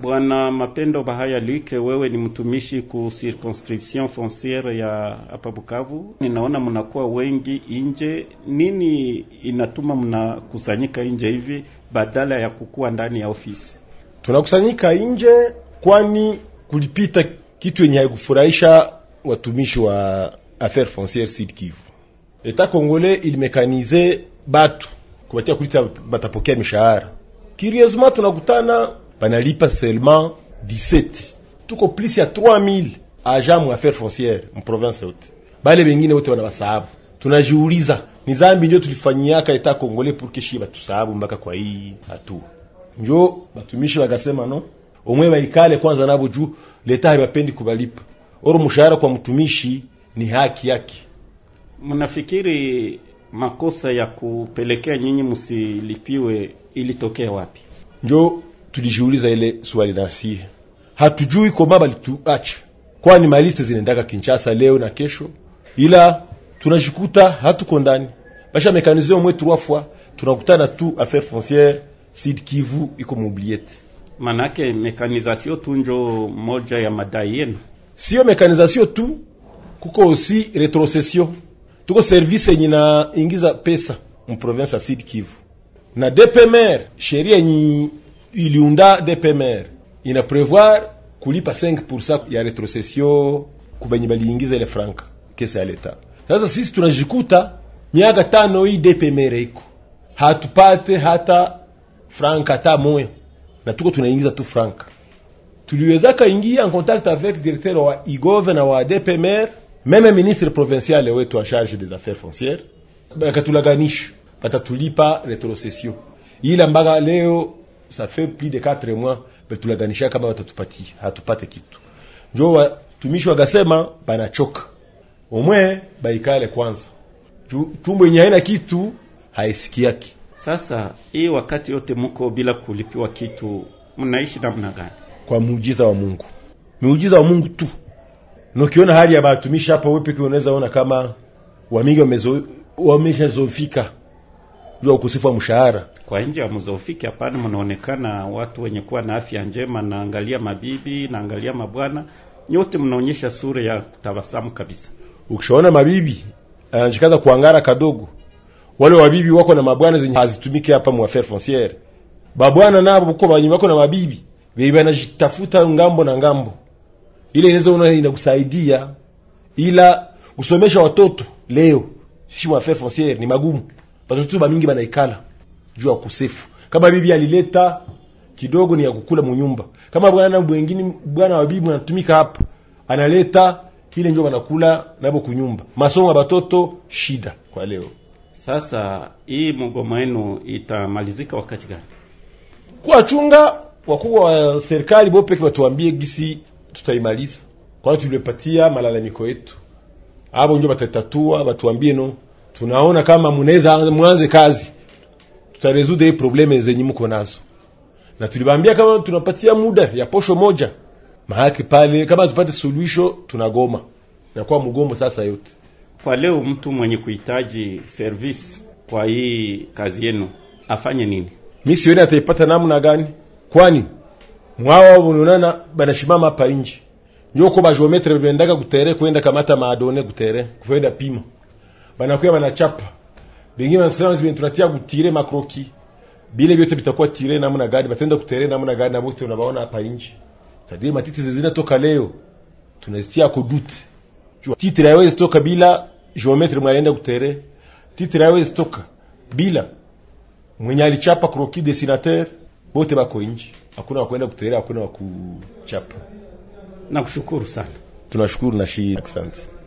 Bwana Mapendo Bahaya Luke, wewe ni mtumishi ku circonscription fonciere ya hapa Bukavu. Ninaona mnakuwa wengi nje, nini inatuma mnakusanyika nje hivi badala ya kukuwa ndani ya ofisi? Tunakusanyika nje kwani kulipita kitu yenye haikufurahisha watumishi wa affaire fonciere Sud Kivu. Eta Congolais ilimekanize batu kubatia kulita batapokea mishahara. Kiriezuma tunakutana banalipa seulement 17 tuko plus ya 3000 agents mu affaire foncière mu province yote. Bale bengine wote wana wasahabu. Tunajiuliza ni zambi ndio tulifanyiaka eta Kongole pour que shiba tusahabu mpaka kwa hii hatu njo batumishi wakasema no omwe baikale kwanza nabo juu leta haibapendi kubalipa oro mshahara kwa mtumishi ni haki yake. Mnafikiri makosa ya kupelekea nyinyi msilipiwe ilitokea wapi? Njo tulijiuliza ile swali nasi, hatujui kwa mama kwani maliste zinaendaka Kinshasa leo na kesho, ila tunajikuta hatuko ndani basha mekanize mwe trois fois, tunakutana tu affaire foncière Sud Kivu iko mobiliete. Manake mekanizasio tu njo moja ya madai yenu, sio mekanizasio tu, kuko osi retrocession, tuko service yenye na ingiza pesa mu province ya Sud Kivu na DPMR sheria yenye iliunda DPMR ina prevoir kulipa 5% ya retrocession kubenye baliingiza ile franka kesa ya leta. Sasa sisi tunajikuta miaka tano hii DPMR iko hatupate hata franka hata moya, na tuko tunaingiza tu franka. Tuliwezaka ingia en contact avec directeur wa igove na wa DPMR meme ministre provincial wetu en charge des affaires foncières, bakatulaganisha batatulipa retrocession ila mpaka leo ça fait plus de 4 mois betulaganisha kama watatupati hatupate kitu. Njo watumishi wakasema banachoka, omwe baikale kwanza, tumbo yenye haina kitu haisikiaki. Sasa hii wakati yote muko bila kulipiwa kitu, mnaishi namna gani? Kwa muujiza wa Mungu, muujiza wa Mungu tu. Nokiona hali ya batumishi hapa, wewe pekee unaweza ona kama wamingi wameshazofika juu ya ukosefu wa mshahara kwa nje ya mzofiki Hapana, mnaonekana watu wenye kuwa na afya njema, naangalia mabibi, naangalia mabwana, nyote mnaonyesha sura ya kutabasamu kabisa. Ukishaona mabibi eh, anajikaza kuangara kadogo, wale wabibi wako na mabwana zenye hazitumiki hapa mwa fer foncière, babwana nabo uko banyuma wako na mabibi bibi, anajitafuta ngambo na ngambo, ile inaweza una inakusaidia, ila kusomesha watoto leo si mwa fer foncière ni magumu batoto mingi banaikala juu ya ukosefu. Kama bibi alileta kidogo ni ya kukula munyumba, kama bwana mwingine bwana wa bibi anatumika hapa analeta ile ndio wanakula nabo kunyumba. Masomo ya batoto shida kwa leo. Sasa hii mgomo wenu itamalizika wakati gani? Kwa chunga wakubwa wa serikali bopeke watuambie gisi tutaimaliza, kwani tulipatia malalamiko yetu, hapo njoo batatatua, batuambie no tunaona kama mnaweza mwanze kazi tutarezude hii probleme zenye mko nazo na tulibambia kama tunapatia muda ya posho moja mahaki pale, kama tupate suluhisho tunagoma na kwa mgomo sasa. Yote kwa leo, mtu mwenye kuhitaji service kwa hii kazi yenu afanye nini? Mimi sioni ataipata namna gani, kwani mwao mnaona banashimama hapa nje, njoko ba geometre bendaga kutere kwenda kamata maadone kutere kwenda pima banakuya banachapa, bengine wanasema zimetunatia kutire makroki bile vyote bitakuwa tire namna gani, batenda kutere namna gani, na wote unabaona hapa nje tadiri matiti zizina toka leo tunazitia kudute jua titre haiwezi toka bila geometri mwalienda kutere, titre haiwezi toka bila mwenye alichapa kroki dessinateur, bote bako nje, hakuna wakwenda kutere, hakuna wakuchapa. Nakushukuru sana. Tunashukuru na shii, asante.